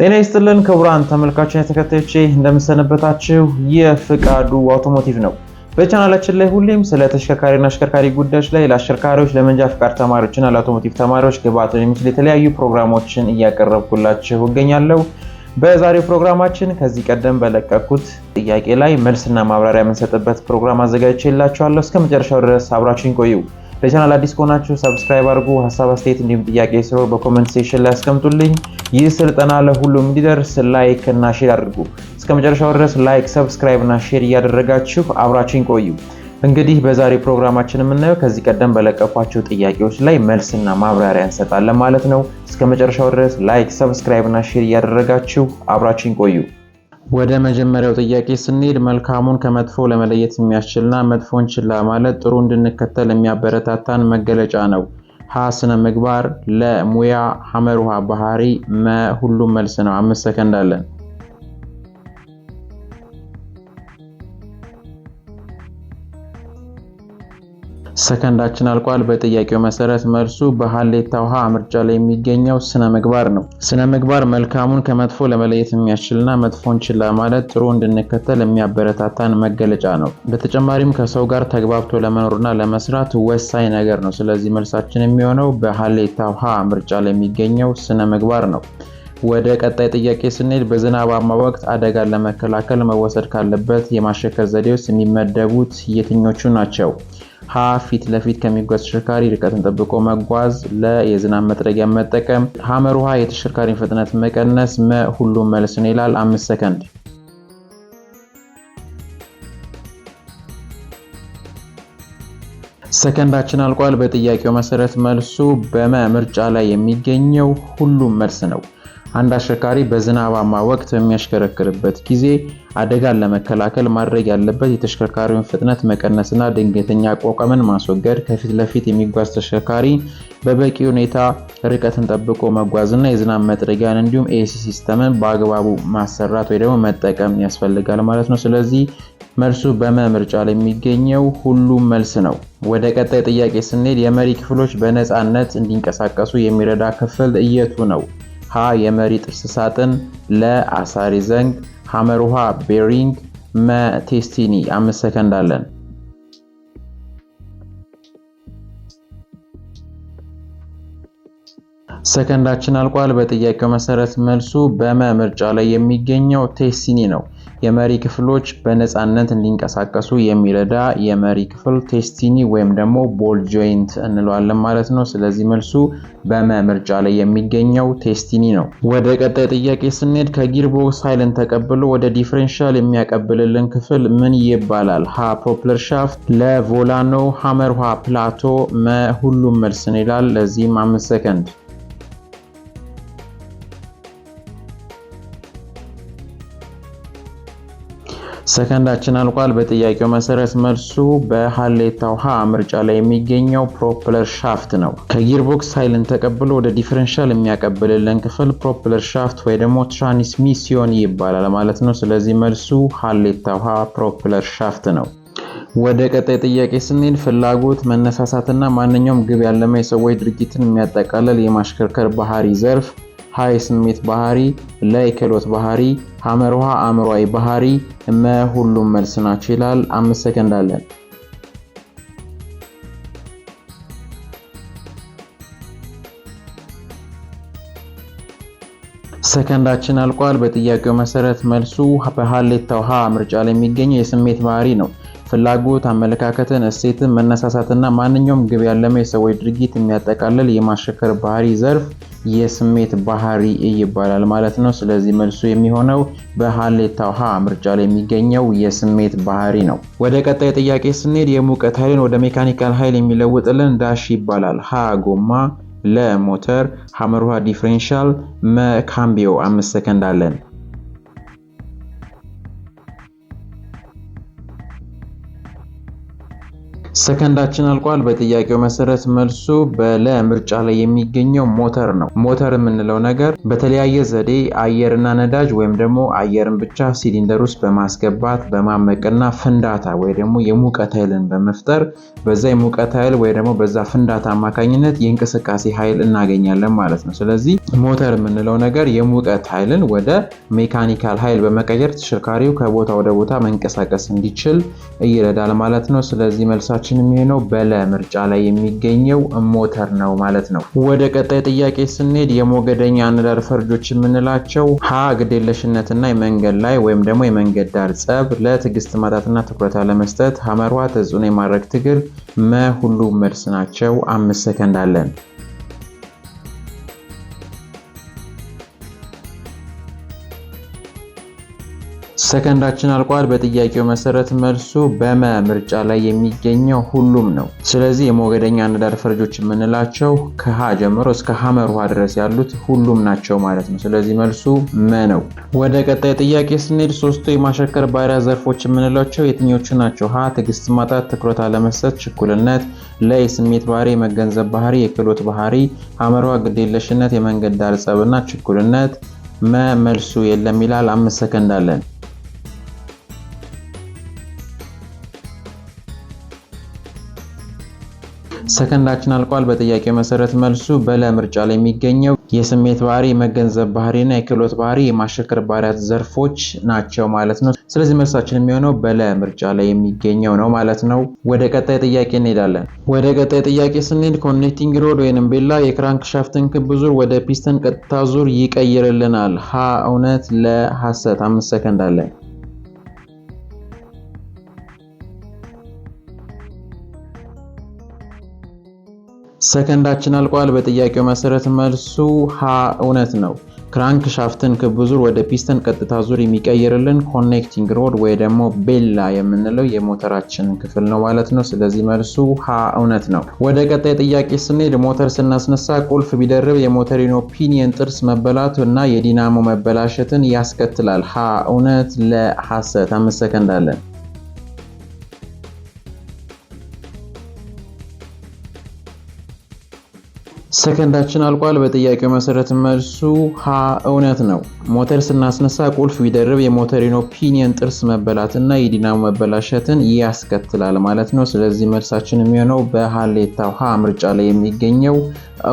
ጤና ይስጥልን ክቡራን ተመልካችን የተከታዮቼ እንደምሰነበታችሁ። የፍቃዱ አውቶሞቲቭ ነው። በቻናላችን ላይ ሁሌም ስለ ተሽከርካሪና አሽከርካሪ ጉዳዮች ላይ ለአሽከርካሪዎች፣ ለመንጃ ፍቃድ ተማሪዎችና ለአውቶሞቲቭ ተማሪዎች ግብዓቱን የሚችል የተለያዩ ፕሮግራሞችን እያቀረብኩላችሁ እገኛለሁ። በዛሬው ፕሮግራማችን ከዚህ ቀደም በለቀኩት ጥያቄ ላይ መልስና ማብራሪያ የምንሰጥበት ፕሮግራም አዘጋጅቼላችኋለሁ። እስከ መጨረሻው ድረስ አብራችን ቆዩ። ለቻናል አዲስ ከሆናችሁ ሰብስክራይብ አድርጉ። ሀሳብ አስተያየት፣ እንዲሁም ጥያቄ ሲኖር በኮመንት ሴሽን ላይ አስቀምጡልኝ። ይህ ስልጠና ለሁሉም እንዲደርስ ላይክ እና ሼር አድርጉ። እስከ መጨረሻው ድረስ ላይክ፣ ሰብስክራይብ እና ሼር እያደረጋችሁ አብራችን ቆዩ። እንግዲህ በዛሬ ፕሮግራማችን የምናየው ከዚህ ቀደም በለቀኳቸው ጥያቄዎች ላይ መልስና ማብራሪያ እንሰጣለን ማለት ነው። እስከ መጨረሻው ድረስ ላይክ፣ ሰብስክራይብ እና ሼር እያደረጋችሁ አብራችን ቆዩ። ወደ መጀመሪያው ጥያቄ ስንሄድ መልካሙን ከመጥፎ ለመለየት የሚያስችልና መጥፎን ችላ ማለት ጥሩ እንድንከተል የሚያበረታታን መገለጫ ነው። ሀ ስነ ምግባር፣ ለሙያ፣ ሙያ፣ ሐመር ውሃ ባህሪ፣ መ ሁሉም መልስ ነው። አምስት ሰከንድ አለን። ሰከንዳችን አልቋል። በጥያቄው መሰረት መልሱ በሀሌታ ውሃ ምርጫ ላይ የሚገኘው ስነ ምግባር ነው። ስነ ምግባር መልካሙን ከመጥፎ ለመለየት የሚያስችልና መጥፎን ችላ ማለት ጥሩ እንድንከተል የሚያበረታታን መገለጫ ነው። በተጨማሪም ከሰው ጋር ተግባብቶ ለመኖርና ለመስራት ወሳኝ ነገር ነው። ስለዚህ መልሳችን የሚሆነው በሀሌታ ውሃ ምርጫ ላይ የሚገኘው ስነ ምግባር ነው። ወደ ቀጣይ ጥያቄ ስንሄድ በዝናባማ ወቅት አደጋን ለመከላከል መወሰድ ካለበት የማሸከር ዘዴ ውስጥ የሚመደቡት የትኞቹ ናቸው? ሀ ፊት ለፊት ከሚጓዝ ተሽከርካሪ ርቀትን ጠብቆ መጓዝ፣ ለ የዝናብ መጥረጊያ መጠቀም፣ ሀመር ውሃ የተሽከርካሪን ፍጥነት መቀነስ፣ መ ሁሉም መልስ ነው ይላል። አምስት ሰከንድ ሰከንዳችን አልቋል። በጥያቄው መሰረት መልሱ በመ ምርጫ ላይ የሚገኘው ሁሉም መልስ ነው። አንድ አሽከርካሪ በዝናባማ ወቅት በሚያሽከረክርበት ጊዜ አደጋን ለመከላከል ማድረግ ያለበት የተሽከርካሪውን ፍጥነት መቀነስና ድንገተኛ አቋቋምን ማስወገድ፣ ከፊት ለፊት የሚጓዝ ተሽከርካሪ በበቂ ሁኔታ ርቀትን ጠብቆ መጓዝና የዝናብ መጥረጊያን እንዲሁም ኤሲ ሲስተምን በአግባቡ ማሰራት ወይ ደግሞ መጠቀም ያስፈልጋል ማለት ነው። ስለዚህ መልሱ በመምርጫ ላይ የሚገኘው ሁሉም መልስ ነው። ወደ ቀጣይ ጥያቄ ስንሄድ የመሪ ክፍሎች በነፃነት እንዲንቀሳቀሱ የሚረዳ ክፍል እየቱ ነው? ሀ የመሪ ጥርስ ሳጥን፣ ለ አሳሪ ዘንግ፣ ውሃ ቤሪንግ፣ መ ቴስቲኒ። አምስት ሰከንድ አለን። ሰከንዳችን አልቋል። በጥያቄው መሰረት መልሱ በመ ምርጫ ላይ የሚገኘው ቴስቲኒ ነው። የመሪ ክፍሎች በነፃነት እንዲንቀሳቀሱ የሚረዳ የመሪ ክፍል ቴስቲኒ ወይም ደግሞ ቦል ጆይንት እንለዋለን ማለት ነው። ስለዚህ መልሱ በመምርጫ ላይ የሚገኘው ቴስቲኒ ነው። ወደ ቀጣይ ጥያቄ ስንሄድ ከጊርቦክስ ኃይልን ተቀብሎ ወደ ዲፍሬንሻል የሚያቀብልልን ክፍል ምን ይባላል? ሀ ፖፕለር ሻፍት፣ ለቮላኖ ሐመርሃ ፕላቶ፣ መ ሁሉም መልስ ይላል። ለዚህም አምስት ሰከንድ ሰከንዳችን አልቋል። በጥያቄው መሰረት መልሱ በሀሌታ ውሃ ምርጫ ላይ የሚገኘው ፕሮፕለር ሻፍት ነው። ከጊርቦክስ ቦክስ ኃይልን ተቀብሎ ወደ ዲፈረንሻል የሚያቀብልልን ክፍል ፕሮፕለር ሻፍት ወይ ደግሞ ትራንስሚሲዮን ይባላል ማለት ነው። ስለዚህ መልሱ ሀሌታ ውሃ ፕሮፕለር ሻፍት ነው። ወደ ቀጣይ ጥያቄ ስንሄድ ፍላጎት፣ መነሳሳትና ማንኛውም ግብ ያለመ የሰዎች ድርጊትን የሚያጠቃልል የማሽከርከር ባህሪ ዘርፍ ሀ የስሜት ባህሪ፣ ለ የክህሎት ባህሪ፣ ሐመር አእምሯዊ ባህሪ፣ መ ሁሉም መልስ ናቸው ይላል። አምስት ሰከንድ አለን። ሰከንዳችን አልቋል። በጥያቄው መሰረት መልሱ በሀሌታው ሀ ምርጫ ላይ የሚገኘው የስሜት ባህሪ ነው። ፍላጎት፣ አመለካከትን፣ እሴትን፣ መነሳሳትና ማንኛውም ግብ ያለመ የሰዎች ድርጊት የሚያጠቃልል የማሸከር ባህሪ ዘርፍ የስሜት ባህሪ ይባላል ማለት ነው። ስለዚህ መልሱ የሚሆነው በሀሌታው ሀ ምርጫ ላይ የሚገኘው የስሜት ባህሪ ነው። ወደ ቀጣይ ጥያቄ ስንሄድ የሙቀት ኃይልን ወደ ሜካኒካል ኃይል የሚለውጥልን ዳሽ ይባላል። ሀ ጎማ፣ ለ ሞተር፣ ሐመር ውሃ ዲፍሬንሻል፣ መ ካምቢዮ። አምስት ሰከንድ አለን። ሰከንዳችን አልቋል። በጥያቄው መሰረት መልሱ በለ ምርጫ ላይ የሚገኘው ሞተር ነው። ሞተር የምንለው ነገር በተለያየ ዘዴ አየርና ነዳጅ ወይም ደግሞ አየርን ብቻ ሲሊንደር ውስጥ በማስገባት በማመቅና ፍንዳታ ወይ ደግሞ የሙቀት ኃይልን በመፍጠር በዛ የሙቀት ኃይል ወይ ደግሞ በዛ ፍንዳታ አማካኝነት የእንቅስቃሴ ኃይል እናገኛለን ማለት ነው። ስለዚህ ሞተር የምንለው ነገር የሙቀት ኃይልን ወደ ሜካኒካል ኃይል በመቀየር ተሽከርካሪው ከቦታ ወደ ቦታ መንቀሳቀስ እንዲችል ይረዳል ማለት ነው። ስለዚህ መልሳችን ጥያቄያችንም የሚሆነው በለ ምርጫ ላይ የሚገኘው ሞተር ነው ማለት ነው። ወደ ቀጣይ ጥያቄ ስንሄድ የሞገደኛ አንዳር ፈርጆች የምንላቸው ሀ ግዴለሽነትና የመንገድ ላይ ወይም ደግሞ የመንገድ ዳር ጸብ፣ ለትዕግስት ማጣትና ትኩረት አለመስጠት፣ ሀመሯ ተጽዕኖ የማድረግ ትግል፣ መ ሁሉም መልስ ናቸው። አምስት ሰከንድ አለን። ሰከንዳችን አልቋል። በጥያቄው መሰረት መልሱ በመ ምርጫ ላይ የሚገኘው ሁሉም ነው። ስለዚህ የሞገደኛ አነዳድ ፈረጆች የምንላቸው ከሀ ጀምሮ እስከ ሀመር ውሃ ድረስ ያሉት ሁሉም ናቸው ማለት ነው። ስለዚህ መልሱ መ ነው። ወደ ቀጣይ ጥያቄ ስንሄድ ሶስቱ የማሸከር ባህሪያ ዘርፎች የምንላቸው የትኞቹ ናቸው? ሀ ትዕግስት ማጣት፣ ትኩረት አለመስጠት፣ ችኩልነት፣ ለ የስሜት ባህሪ፣ የመገንዘብ ባህሪ፣ የክህሎት ባህሪ፣ ሀመር ውሃ ግዴለሽነት፣ የመንገድ ዳር ጸብና ችኩልነት። መ መልሱ የለም ይላል። አምስት ሰከንድ አለን። ሰከንዳችን አልቋል። በጥያቄ መሰረት መልሱ በለ ምርጫ ላይ የሚገኘው የስሜት ባህሪ፣ የመገንዘብ ባህሪና የክህሎት ባህሪ የማሸከር ባህሪያት ዘርፎች ናቸው ማለት ነው። ስለዚህ መልሳችን የሚሆነው በለ ምርጫ ላይ የሚገኘው ነው ማለት ነው። ወደ ቀጣይ ጥያቄ እንሄዳለን። ወደ ቀጣይ ጥያቄ ስንሄድ ኮኔክቲንግ ሮድ ወይንም ቤላ ሻፍትን ክብ ዙር ወደ ፒስተን ቀጥታ ዙር ይቀይርልናል። ሀ እውነት፣ ለ አምስት ሰከንድ አለን። ሰከንዳችን አልቋል። በጥያቄው መሰረት መልሱ ሀ እውነት ነው። ክራንክ ሻፍትን ክብ ዙር ወደ ፒስተን ቀጥታ ዙር የሚቀይርልን ኮኔክቲንግ ሮድ ወይ ደግሞ ቤላ የምንለው የሞተራችን ክፍል ነው ማለት ነው። ስለዚህ መልሱ ሀ እውነት ነው። ወደ ቀጣይ ጥያቄ ስንሄድ ሞተር ስናስነሳ ቁልፍ ቢደርብ የሞተሪኖ ፒኒየን ጥርስ መበላቱ እና የዲናሞ መበላሸትን ያስከትላል። ሀ እውነት ለሐሰት። አምስት ሰከንድ አለን። ሰከንዳችን አልቋል። በጥያቄው መሰረት መልሱ ሀ እውነት ነው። ሞተር ስናስነሳ ቁልፍ ቢደርብ የሞተሪኖ ፒኒየን ጥርስ መበላትና የዲናሞ መበላሸትን ያስከትላል ማለት ነው። ስለዚህ መልሳችን የሚሆነው በሀሌታው ሀ ምርጫ ላይ የሚገኘው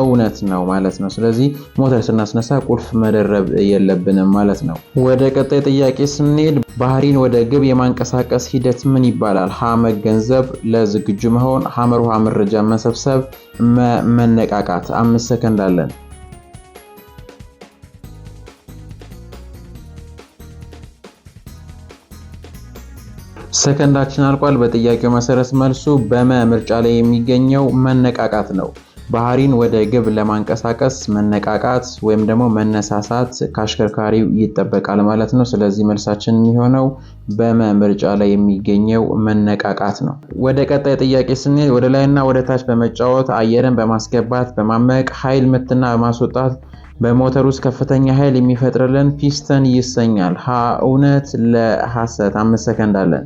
እውነት ነው ማለት ነው። ስለዚህ ሞተር ስናስነሳ ቁልፍ መደረብ የለብንም ማለት ነው። ወደ ቀጣይ ጥያቄ ስንሄድ ባህሪን ወደ ግብ የማንቀሳቀስ ሂደት ምን ይባላል? ሀ መገንዘብ፣ ለዝግጁ መሆን፣ ሐመር ውሃ መረጃ መሰብሰብ መነቃቃት። አምስት ሰከንድ አለን። ሰከንዳችን አልቋል። በጥያቄው መሰረት መልሱ በመ ምርጫ ላይ የሚገኘው መነቃቃት ነው። ባህሪን ወደ ግብ ለማንቀሳቀስ መነቃቃት ወይም ደግሞ መነሳሳት ከአሽከርካሪው ይጠበቃል ማለት ነው። ስለዚህ መልሳችን የሚሆነው በመ ምርጫ ላይ የሚገኘው መነቃቃት ነው። ወደ ቀጣይ ጥያቄ ስንሄድ ወደ ላይና ወደ ታች በመጫወት አየርን በማስገባት በማመቅ ኃይል ምትና በማስወጣት በሞተር ውስጥ ከፍተኛ ኃይል የሚፈጥርልን ፒስተን ይሰኛል። ሀ እውነት፣ ለሐሰት። አምስት ሰከንድ አለን።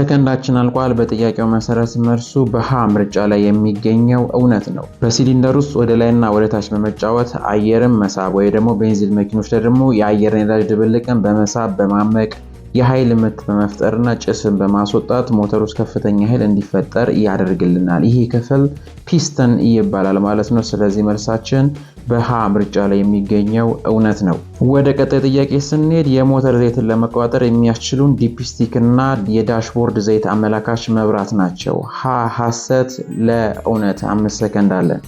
ሰከንዳችን አልቋል። በጥያቄው መሰረት መርሱ በሀ ምርጫ ላይ የሚገኘው እውነት ነው። በሲሊንደር ውስጥ ወደ ላይና ወደ ታች በመጫወት አየርን መሳብ ወይ ደግሞ ቤንዚል መኪኖች ደግሞ የአየር ነዳጅ ድብልቅን በመሳብ በማመቅ የኃይል ምት በመፍጠርና ጭስን በማስወጣት ሞተር ውስጥ ከፍተኛ ኃይል እንዲፈጠር ያደርግልናል። ይህ ክፍል ፒስተን ይባላል ማለት ነው። ስለዚህ መልሳችን በሀ ምርጫ ላይ የሚገኘው እውነት ነው። ወደ ቀጣይ ጥያቄ ስንሄድ የሞተር ዘይትን ለመቆጣጠር የሚያስችሉን ዲፕስቲክ እና የዳሽቦርድ ዘይት አመላካች መብራት ናቸው። ሀ ሀሰት፣ ለእውነት አምስት ሰከንድ አለን።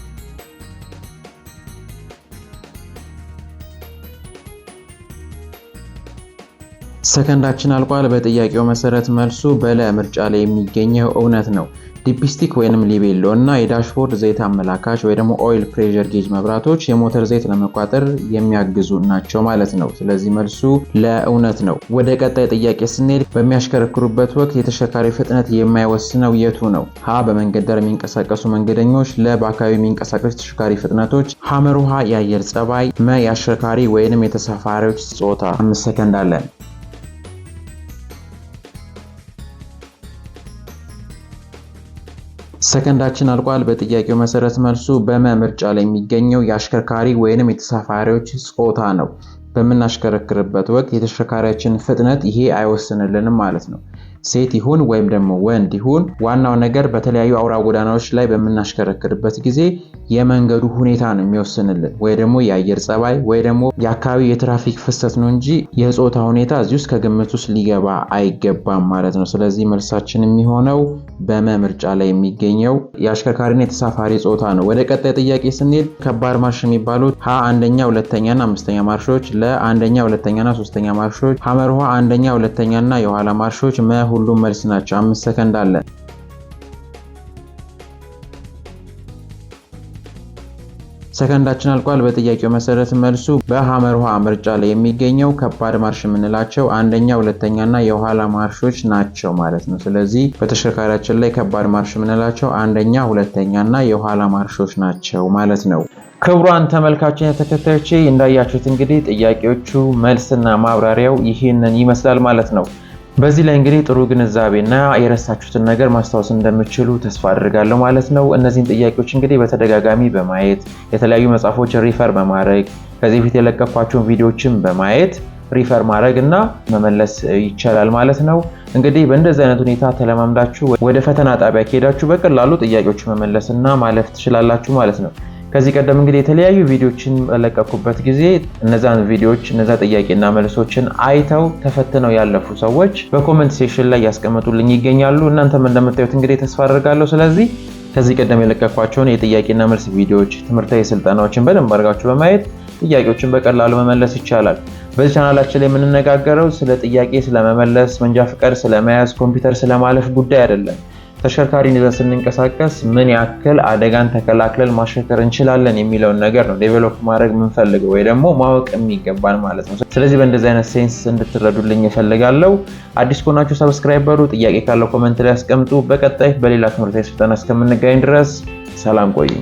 ሰከንዳችን አልቋል። በጥያቄው መሰረት መልሱ በለ ምርጫ ላይ የሚገኘው እውነት ነው። ዲፕስቲክ ወይንም ሊቤሎ እና የዳሽቦርድ ዘይት አመላካች ወይ ደግሞ ኦይል ፕሬዠር ጌጅ መብራቶች የሞተር ዘይት ለመቋጠር የሚያግዙ ናቸው ማለት ነው። ስለዚህ መልሱ ለእውነት ነው። ወደ ቀጣይ ጥያቄ ስንሄድ በሚያሽከረክሩበት ወቅት የተሸካሪ ፍጥነት የማይወስነው የቱ ነው? ሀ በመንገድ ዳር የሚንቀሳቀሱ መንገደኞች፣ ለ በአካባቢ የሚንቀሳቀሱ ተሽከርካሪ ፍጥነቶች፣ ሐመር ውሃ የአየር ጸባይ፣ መ የአሽከርካሪ ወይንም የተሳፋሪዎች ጾታ። አምስት ሰከንድ አለን። ሰከንዳችን አልቋል። በጥያቄው መሰረት መልሱ በመምርጫ ላይ የሚገኘው የአሽከርካሪ ወይንም የተሳፋሪዎች ጾታ ነው። በምናሽከረክርበት ወቅት የተሽከርካሪያችን ፍጥነት ይሄ አይወስንልንም ማለት ነው። ሴት ይሁን ወይም ደግሞ ወንድ ይሁን ዋናው ነገር በተለያዩ አውራ ጎዳናዎች ላይ በምናሽከረክርበት ጊዜ የመንገዱ ሁኔታ ነው የሚወስንልን፣ ወይ ደግሞ የአየር ጸባይ፣ ወይ ደግሞ የአካባቢው የትራፊክ ፍሰት ነው እንጂ የጾታ ሁኔታ እዚህ ውስጥ ከግምት ውስጥ ሊገባ አይገባም ማለት ነው። ስለዚህ መልሳችን የሚሆነው በመ ምርጫ ላይ የሚገኘው የአሽከርካሪና የተሳፋሪ ጾታ ነው። ወደ ቀጣይ ጥያቄ ስንሄድ ከባድ ማርሽ የሚባሉት ሀ አንደኛ፣ ሁለተኛና አምስተኛ ማርሾች፣ ለአንደኛ፣ ሁለተኛና ሶስተኛ ማርሾች፣ ሐመርሃ አንደኛ፣ ሁለተኛና የኋላ ማርሾች መ ሁሉም መልስ ናቸው። አምስት ሰከንድ አለ። ሰከንዳችን አልቋል። በጥያቄው መሰረት መልሱ በሐመር ውሃ ምርጫ ላይ የሚገኘው ከባድ ማርሽ የምንላቸው አንደኛ፣ ሁለተኛ የኋላ ማርሾች ናቸው ማለት ነው። ስለዚህ በተሽከርካሪያችን ላይ ከባድ ማርሽ የምንላቸው አንደኛ፣ ሁለተኛ የኋላ ማርሾች ናቸው ማለት ነው። ክቡራን ተመልካችን የተከታዮች እንዳያችሁት እንግዲህ ጥያቄዎቹ መልስና ማብራሪያው ይህንን ይመስላል ማለት ነው። በዚህ ላይ እንግዲህ ጥሩ ግንዛቤና የረሳችሁትን ነገር ማስታወስ እንደምችሉ ተስፋ አድርጋለሁ ማለት ነው። እነዚህን ጥያቄዎች እንግዲህ በተደጋጋሚ በማየት የተለያዩ መጽሐፎች ሪፈር በማድረግ ከዚህ በፊት የለቀኳቸውን ቪዲዮዎችን በማየት ሪፈር ማድረግ እና መመለስ ይቻላል ማለት ነው። እንግዲህ በእንደዚህ አይነት ሁኔታ ተለማምዳችሁ ወደ ፈተና ጣቢያ ከሄዳችሁ በቀላሉ ጥያቄዎች መመለስ እና ማለፍ ትችላላችሁ ማለት ነው። ከዚህ ቀደም እንግዲህ የተለያዩ ቪዲዮችን በለቀኩበት ጊዜ እነዛን ቪዲዮዎች እነዛ ጥያቄና መልሶችን አይተው ተፈትነው ያለፉ ሰዎች በኮመንት ሴሽን ላይ ያስቀመጡልኝ ይገኛሉ። እናንተም እንደምታዩት እንግዲህ ተስፋ አድርጋለሁ። ስለዚህ ከዚህ ቀደም የለቀኳቸውን የጥያቄና መልስ ቪዲዮዎች፣ ትምህርታዊ ስልጠናዎችን በደንብ አድርጋችሁ በማየት ጥያቄዎችን በቀላሉ መመለስ ይቻላል። በዚህ ቻናላችን ላይ የምንነጋገረው ስለ ጥያቄ ስለመመለስ፣ መንጃ ፍቃድ ስለመያዝ፣ ኮምፒውተር ስለማለፍ ጉዳይ አይደለም። ተሽከርካሪን ይዘን ስንንቀሳቀስ ምን ያክል አደጋን ተከላክለን ማሽከርከር እንችላለን የሚለውን ነገር ነው ዴቨሎፕ ማድረግ የምንፈልገው ወይ ደግሞ ማወቅ የሚገባን ማለት ነው። ስለዚህ በእንደዚህ አይነት ሴንስ እንድትረዱልኝ እፈልጋለሁ። አዲስ ከሆናችሁ ሰብስክራይብ በሩ፣ ጥያቄ ካለው ኮመንት ላይ ያስቀምጡ። በቀጣይ በሌላ ትምህርት ስልጠና እስከምንገናኝ ድረስ ሰላም ቆይ።